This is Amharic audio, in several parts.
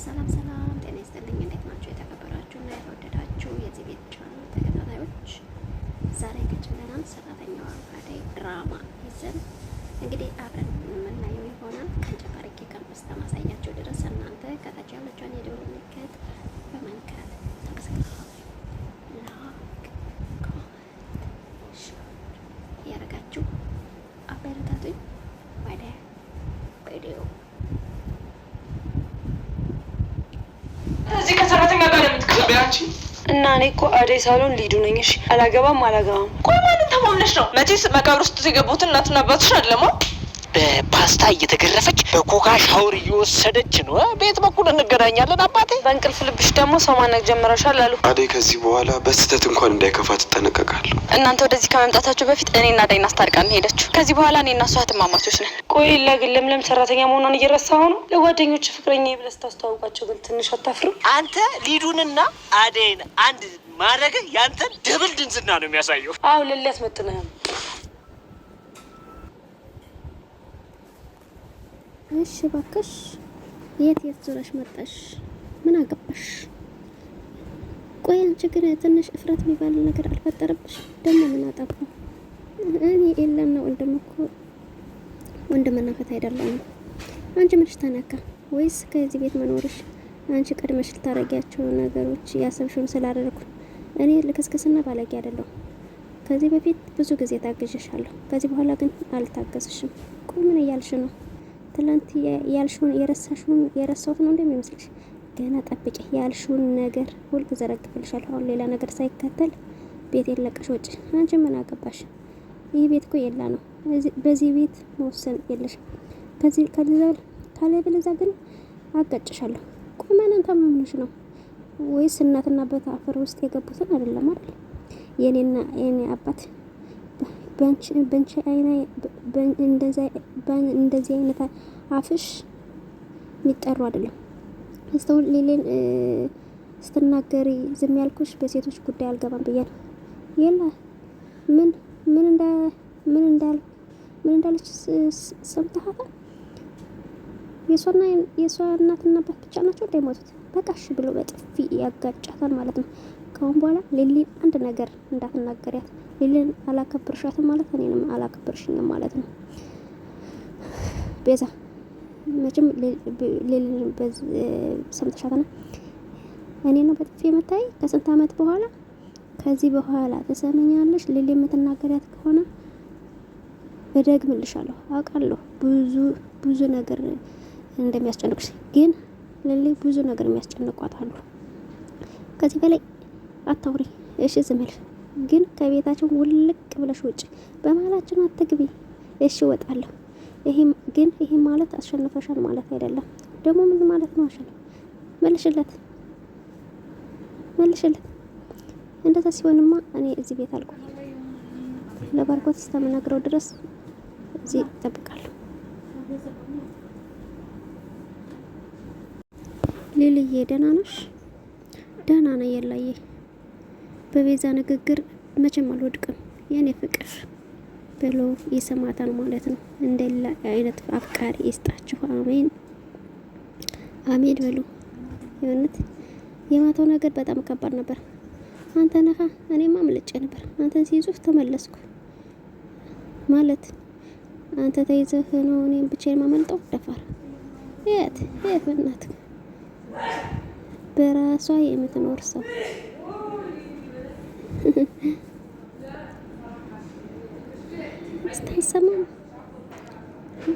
ሰላም ሰላም፣ ጤና ይስጥልኝ። እንዴት ናቸው የተከበራችሁ እና የተወደዳችሁ የዚህ ቤት ቻናል ተከታታዮች? ዛሬ ከች ብለናል። ሰራተኛዋ አደይ ድራማ ይዘን እንግዲህ አብረን የምናየው ይሆናል። ከእንጨት አድርጌ ከንበስታ ማሳያቸው ድረስ እናንተ ከታች ያለችውን የደወል ምልክት በመንካት ተመሰግናለሁ። እኔ እኮ አደይ ሳሎን ሊዱ ነኝ። እሺ አላገባም አላገባም። ቆይ ማንን ተማምነሽ ነው? መቼስ መቃብር ውስጥ የገቡትን እናትና አባትሽ አለማ በፓስታ እየተገረፈች በኮካ ሻወር እየወሰደች ነው። ቤት በኩል እንገናኛለን። አባቴ በእንቅልፍ ልብሽ ደግሞ ሰው ማነቅ ጀምረሻል አሉ አደይ። ከዚህ በኋላ በስህተት እንኳን እንዳይከፋት ትጠነቀቃለሁ። እናንተ ወደዚህ ከመምጣታችሁ በፊት እኔና አደይ እናስታርቃለን ሄደችው። ከዚህ በኋላ እኔና እሷ እህትማማቾች ነን። ቆይ ለግል ለምለም ሰራተኛ መሆኗን እየረሳሁ ነው። ለጓደኞች ፍቅረኛ ብለህ ስታስተዋውቃቸው ግን ትንሽ አታፍርም? አንተ ሊዱንና አደይን አንድ ማድረግ ያንተን ድብል ድንዝና ነው የሚያሳየው። አሁ ልለት መጥነህም እሺ እባክሽ የት የት ዞረሽ መጣሽ? ምን አገባሽ? ቆይ አንቺ ግን ትንሽ እፍረት የሚባል ነገር አልፈጠረብሽ? ደግሞ ምን አጠፋው? እኔ ኤላና ወንድም እኮ ወንድምና እህት አይደለም። አንቺ ምንሽ ተነካ? ወይስ ከዚህ ቤት መኖርሽ አንቺ ቀድመሽ ልታረጊያቸው ነገሮች ያሰብሽውን ስላደረኩ እኔ ልክስክስና ባለጌ አይደለሁ። ከዚህ በፊት ብዙ ጊዜ ታግዤሻለሁ። ከዚህ በኋላ ግን አልታገስሽም። ቆይ ምን እያልሽ ነው? ትላንት ያልሽውን የረሳሽውን የረሳሁት ነው እንደሚመስልሽ? ገና ጠብቂ፣ ያልሽውን ነገር ሁልጊዜ እዘረግፍልሻለሁ። አሁን ሌላ ነገር ሳይከተል ቤት የለቀሽ ወጪ። አንቺ ምን አገባሽ? ይህ ቤት እኮ የላ ነው። በዚህ ቤት መወሰን የለሽም። ከዚህ ካልዛል ካለበለዛ ግን አጋጭሻለሁ። ቁመናን ታመምነሽ ነው ወይስ እናትና አባት አፈር ውስጥ የገቡትን አይደለም አይደል? የኔና የኔ አባት እንደዚህ አይነት አፍሽ የሚጠሩ አይደለም። አስተውል። ሌሌን ስትናገሪ ዝም ያልኩሽ በሴቶች ጉዳይ አልገባም ብዬ የለ ምን ምን እንደ ምን እንዳል ምን እንዳለች ሰምተሃል? የሷና የሷ እናትና አባት ብቻ ናቸው እንዳይሞቱት በቃሽ ብሎ በጥፊ ያጋጫታል ማለት ነው። ከአሁን በኋላ ሌሌን አንድ ነገር እንዳትናገሪያት። ሊልን አላከብርሻትም ማለት እኔንም አላከብርሽኝም ማለት ነው። ቤዛ መቼም ሊልን ሰምተሻትና እኔ ነው በጥፊ የምታይ ከስንት ዓመት በኋላ ከዚህ በኋላ ተሰምኛለሽ። ሊል የምትናገሪያት ከሆነ እደግምልሻለሁ። አውቃለሁ ብዙ ብዙ ነገር እንደሚያስጨንቅሽ፣ ግን ሊሊ ብዙ ነገር የሚያስጨንቋት አሉ። ከዚህ በላይ አታውሪ እሺ ዝም ግን ከቤታችን ውልቅ ብለሽ ውጭ፣ በመሀላችን አትግቢ። እሺ እወጣለሁ። ይሄም ግን ይሄም ማለት አሸንፈሻል ማለት አይደለም። ደግሞ ምን ማለት ነው? አሸንፍ መልሽለት፣ መልሽለት። እንደዛ ሲሆንማ እኔ እዚህ ቤት አልኩ ለባርኮት እስከምነግረው ድረስ እዚህ እጠብቃለሁ። ሊልዬ ደህና ነሽ? ደህና የላዬ በቤዛ ንግግር መቼም አልወድቅም የኔ ፍቅር ብሎ ይሰማታል ማለት ነው። እንደሌላ አይነት አፍቃሪ ይስጣችሁ። አሜን አሜን በሉ። የእውነት የማታው ነገር በጣም ከባድ ነበር። አንተ ነህ እኔማ አምልጬ ነበር። አንተን ሲይዙህ ተመለስኩ ማለት አንተ ተይዘህ ነው እኔም ብቻዬን የማመልጠው። ደፋር የት የት በእናትህ በራሷ የምትኖር ሰው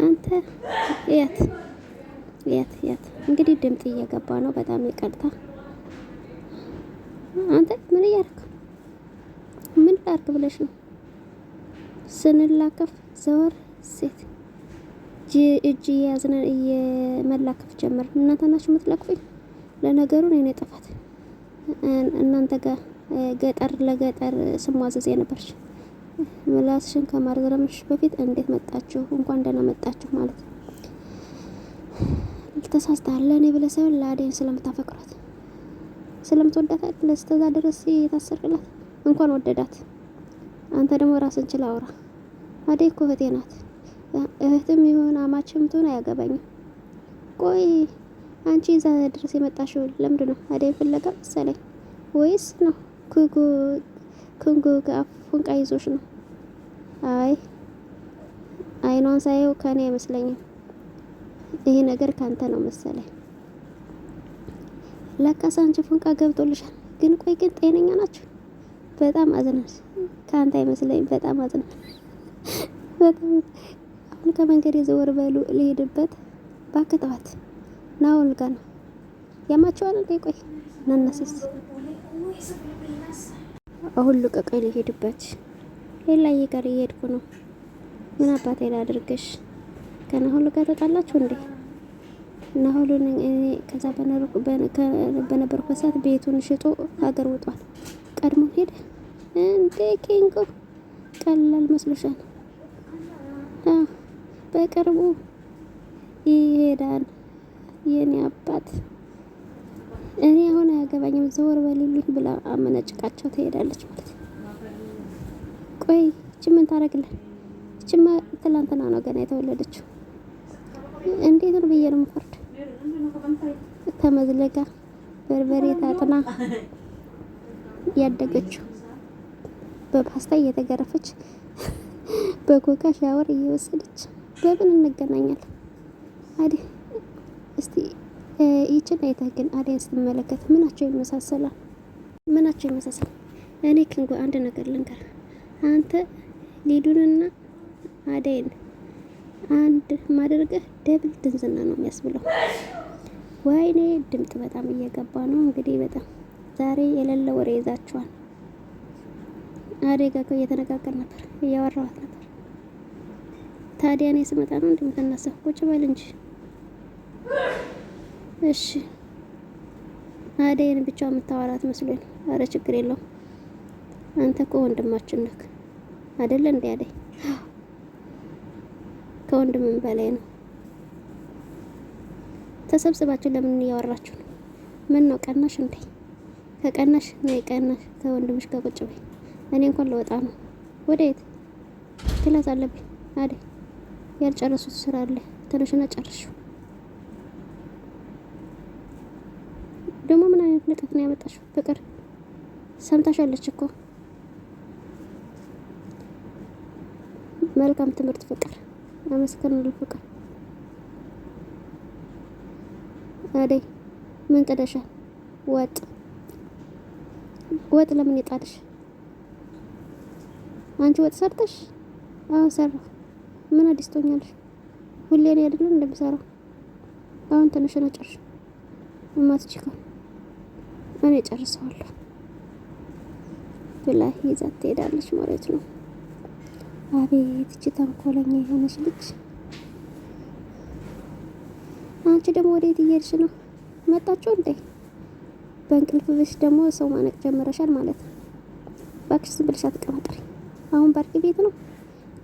አንተ የት የት የት እንግዲህ ድምጽ እየገባ ነው። በጣም ይቀርታ። አንተ ምን እያደረክ ምን ብለሽ ነው? ስንላከፍ ዘወር ሴት እጅ እየያዝን እየመላከፍ እናንተ ናችሁ የምትለክፉኝ። ለነገሩ ጥፋት እናንተ ጋር ገጠር ለገጠር ስሟዘዝ የነበርሽ ምላስሽን ከማረዝረምሽ በፊት እንዴት መጣችሁ እንኳን ደህና መጣችሁ ማለት ነው። ተሳስተሃል። ለእኔ ብለህ ሳይሆን ለአደይን ስለምታፈቅሯት ስለምትወዳት አይደል እስከዛ ድረስ የታሰርክላት። እንኳን ወደዳት። አንተ ደግሞ ራስን ችላ አውራ። አደይ እኮ እህቴ ናት። እህትም ይሁን አማችም ትሆን አያገባኝም። ቆይ አንቺ እዛ ድረስ የመጣሽው ለምንድን ነው? አደይን ፍለጋ መሰለኝ ወይስ ነው ክንጉ ጋር ፉንቃ ይዞሽ ነው። አይ አይኗን ሳየው ከኔ አይመስለኝም። ይሄ ነገር ካንተ ነው መሰለኝ። ለካስ አንቺ ፉንቃ ገብቶልሻል። ግን ቆይ ግን ጤነኛ ናችሁ? በጣም አዝናሽ። ከአንተ አይመስለኝም። በጣም አዝና። በጣም አሁን ከመንገድ የዘወር በሉ ልሄድበት። ባክተዋት ናውልጋ ነው ያማቸዋል። ቆይ ቆይ ናናስስ አሁን ልቀቀኝ፣ ልሄድበት ሄላዬ ጋር እየሄድኩ ነው። ምን አባቴ ሄዳ አድርገሽ ከናሁሉ ጋር ተጣላችሁ እንዴ? ናሁሉ እኔ ከዛ በነበርኩ ሰዓት ቤቱን ሽጦ ሀገር ወጧል። ቀድሞ ሄደ እንዴ? ኪንጎ ቀላል መስሎሻል? በቅርቡ ይሄዳል የኔ አባት እኔ አሁን አያገባኝም ዘወር በልልኝ ብላ አመነጭቃቸው ትሄዳለች ማለት ነው። ቆይ እች ምን ታደርግልን? እቺማ ትላንትና ነው ገና የተወለደችው። እንዴት ነው ብዬ ነው የምፈርድ። ተመዝለጋ በርበሬ ታጥና ያደገችው በፓስታ እየተገረፈች በኮካ ሻወር እየወሰደች በምን እንገናኛለን? አዲ እስቲ ይችን አይታ ግን አደይን ስትመለከት ምናቸው ይመሳሰላል? ምናቸው ይመሳሰላል? እኔ ክንጎ አንድ ነገር ልንገር፣ አንተ ሊዱንና አደይን አንድ ማድረግህ ደብል ድንዝና ነው የሚያስብለው። ወይኔ ድምጥ በጣም እየገባ ነው። እንግዲህ በጣም ዛሬ የሌለ ወሬ ይዛችኋል። አደይ ጋር እየተነጋገር ነበር፣ እያወራኋት ነበር። ታዲያ እኔ ስመጣ ነው እንደምትነሳ ቁጭ በል እንጂ እሺ አደይን ብቻ የምታወራት መስሎኝ። አረ ችግር የለውም አንተ እኮ ወንድማችን ነክ አይደለ እንዴ? አደይ ከወንድምም በላይ ነው። ተሰብስባችሁ ለምን እያወራችሁ ነው? ምን ነው ቀናሽ እንዴ? ከቀናሽ ነይ ቀናሽ ከወንድምሽ ጋር ቁጭ በይ። እኔ እንኳን ለወጣ ነው። ወዴት ክላስ አለብኝ። አደይ ያልጨረሱት ስራ አለ። ተነሽና ጨርሽው። ንቀት ነው ያመጣሽው። ፍቅር ሰምታሻለች እኮ መልካም ትምህርት ፍቅር። አመስግናለሁ ፍቅር። አደይ ምን ቅደሻል? ወጥ ወጥ ለምን ይጣልሽ? አንቺ ወጥ ሰርተሽ? አሁን ሰራሁ። ምን አዲስ ትሆኛለሽ? ሁሌ እኔ አይደለም እንደምሰራው። አሁን ትንሽ ነጭርሽ እማትችካል እኔ ጨርሰዋለሁ ብላ ይዛት ትሄዳለች ማለት ነው። አቤት እቺ ተንኮለኛ የሆነች ልጅ! አንቺ ደግሞ ወዴት እየሄድሽ ነው? መጣችሁ እንዴ? በእንቅልፍ ብሽ ደግሞ ሰው ማነቅ ጀምረሻል ማለት ነው። እባክሽ ዝም ብለሽ አሁን ባርክ ቤት ነው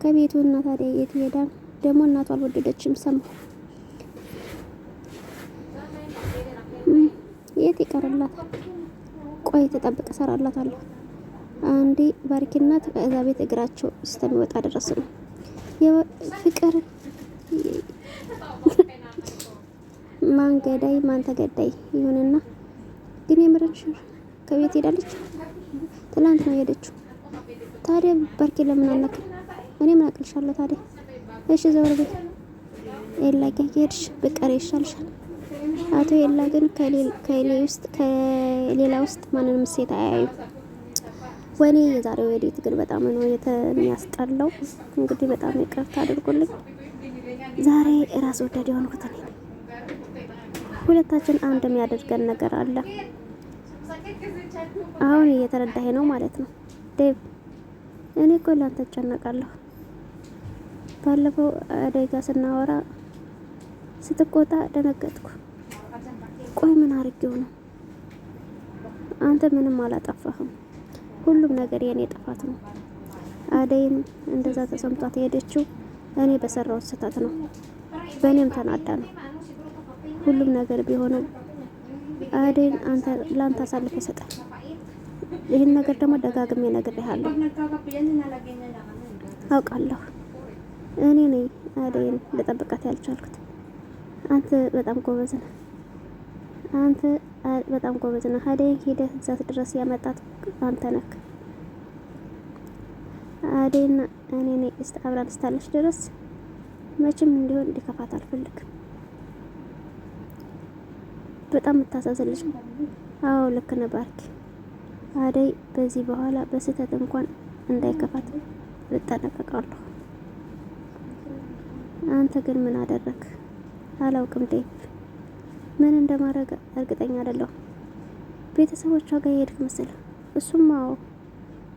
ከቤቱ እና ታዲያ የት ይሄዳል ደግሞ? እናቱ አልወደደችም ሰማሁ። የት ይቀርላታል? ቆይ ተጠብቅ፣ እሰራላታለሁ። አንዴ ባርኪናት ከእዛ ቤት እግራቸው እስከሚወጣ ድረስ ነው የፍቅር ማን ገዳይ ማን ተገዳይ ይሁንና፣ ግን የምረች ከቤት ሄዳለች። ትላንት ነው የሄደችው። ታዲያ ባርኪ ለምን አላክ? እኔ ምን አቅልሻለሁ ታዲያ? እሺ ዘወር ቤት ኤላ ሄድሽ ብቀር ይሻልሻል። አቶ የላ ግን ከሌላ ውስጥ ማንንም ሴት አያዩ። ወኔ የዛሬው ኤዲት ግን በጣም ነው የሚያስጠላው። እንግዲህ በጣም ይቅርታ አድርጎልኝ ዛሬ ራስ ወዳድ የሆንኩት እኔ ነኝ። ሁለታችን አንድ የሚያደርገን ነገር አለ። አሁን እየተረዳህ ነው ማለት ነው ዴቭ። እኔ እኮ ላንተ እጨነቃለሁ። ባለፈው አደጋ ስናወራ ስትቆጣ ደነገጥኩ። ቆይ ምን አርጌው ነው? አንተ ምንም አላጠፋህም። ሁሉም ነገር የኔ ጥፋት ነው። አደይም እንደዛ ተሰምቷት ሄደችው እኔ በሰራሁት ስህተት ነው። በእኔም ተናዳ ነው። ሁሉም ነገር ቢሆንም አደይን አንተ ላንተ አሳልፈ ሰጠ። ይህን ነገር ደግሞ ደጋግሜ ነግሬሃለሁ። አውቃለሁ። እኔ ነኝ አደይን ልጠብቃት ያልቻልኩት። አንተ በጣም ጎበዝ ነህ። አንተ በጣም ጎበዝ ነህ። አደይ ሂደህ እዛት ድረስ ያመጣት አንተ ነክ አደይና እኔ ነኝ አብራን እስታለች ድረስ መቼም እንዲሆን እንዲከፋት አልፈልግም። በጣም የምታሳዝን አው አዎ ልክ ነህ አደይ በዚህ በኋላ በስህተት እንኳን እንዳይከፋት እጠነቀቃለሁ። አንተ ግን ምን አደረግ አላውቅም ዴቭ ምን እንደማድረግ እርግጠኛ አይደለሁ። ቤተሰቦቿ ጋር የሄድክ መስል እሱም አዎ፣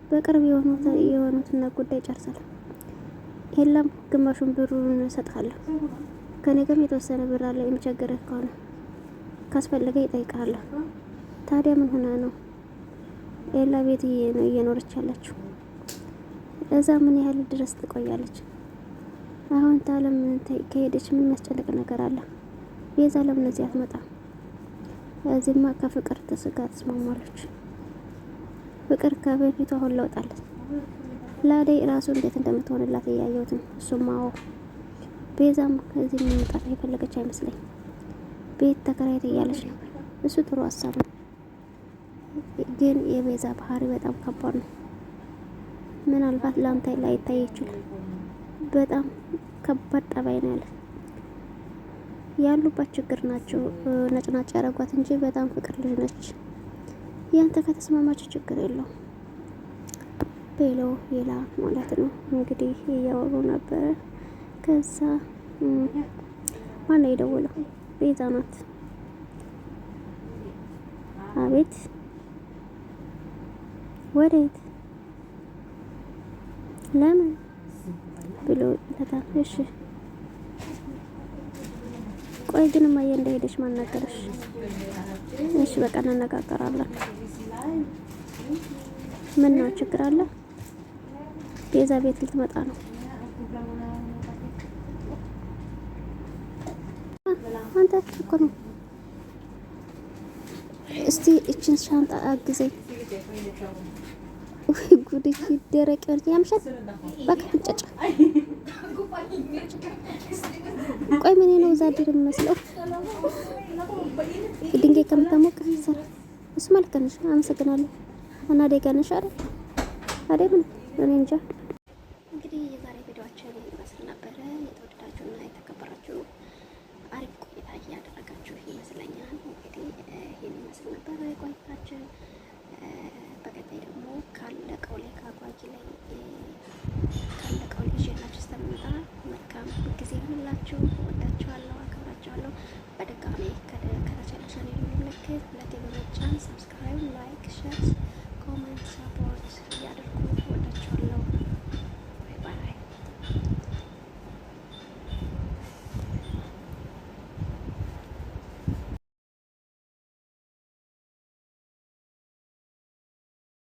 በቅርብ የሆኑትና ጉዳይ ጨርሳል። የለም ግማሹን ብሩን እሰጥሃለሁ። ከኔ ጋርም የተወሰነ ብር አለ። የሚቸግርህ ከሆነ ካስፈለገ ይጠይቃለሁ። ታዲያ ምን ሆነ ነው? ኤላ ቤት እየኖረች ያለችው። እዛ ምን ያህል ድረስ ትቆያለች? አሁን ታለም ከሄደች ምን የሚያስጨንቅ ነገር አለ? ቤዛ ለምን እዚህ አትመጣም? እዚህማ ከፍቅር ተስጋ ተስማማለች። ፍቅር ከበፊቱ አሁን ለውጣለች። ለአደይ ራሱ እንዴት እንደምትሆንላት እያየሁት ነው። እሱማ አዎ። ቤዛም ከዚህ መምጣት የፈለገች አይመስለኝ። ቤት ተከራይት እያለች ነው። እሱ ጥሩ ሀሳብ ነው፣ ግን የቤዛ ባህሪ በጣም ከባድ ነው። ምናልባት ለአንተ ላይታይ ይችላል። በጣም ከባድ ጠባይ ነው ያለች። ያሉባት ችግር ናቸው። ነጭናጭ ያደረጓት እንጂ በጣም ፍቅር ልጅ ነች። ያንተ ከተስማማቸው ችግር የለው ቤለው ሌላ ማለት ነው እንግዲህ እያወሩ ነበረ። ከዛ ማነው የደወለው? ቤዛ ናት። አቤት ወዴት ለምን ብሎ ይከታተልሽ ቆይ ግን ማየ እንደሄደች ማን እሺ በቃ እንነጋገራለን። ምን ነው ችግር አለ? ቤዛ ቤት ልትመጣ ነው። አንተ እኮ ነው። እስቲ እችን ሻንጣ አግዘኝ። ወይ ጉድ! ይደረቅ ያምሻል። በቃ እንጫጫ ቆይ ምን ነው እዛ ድር የሚመስለው ድንጋይ ከምታሞቅ ሰራ እሱማ ልክ ነሽ። አመሰግናለሁ። እና ደጋ ነሽ አይደል? አይደል? ምን እኔ እንጃ። እንግዲህ የዛሬ ቪዲዮአችን ይመስል ነበረ። የተወደዳችሁና የተከበራችሁ አሪፍ ቆይታ እያደረጋችሁ ይመስለኛል። እንግዲህ ይህን ይመስል ነበረ ቆይታችን። በቀጣይ ደግሞ ካለቀው ላይ ከአጓጊ ላይ ካለቀው ላይ ይዤላችሁ ተቀምጣ። እና መልካም ጊዜ ይሁንላችሁ። ወዳችኋለሁ፣ አከብራችኋለሁ። በድጋሚ ከተቻለ ምልክት ሁለቴ በመጫን ሰብስክራይብ፣ ላይክ፣ ሸር፣ ኮመንት፣ ሰፖርት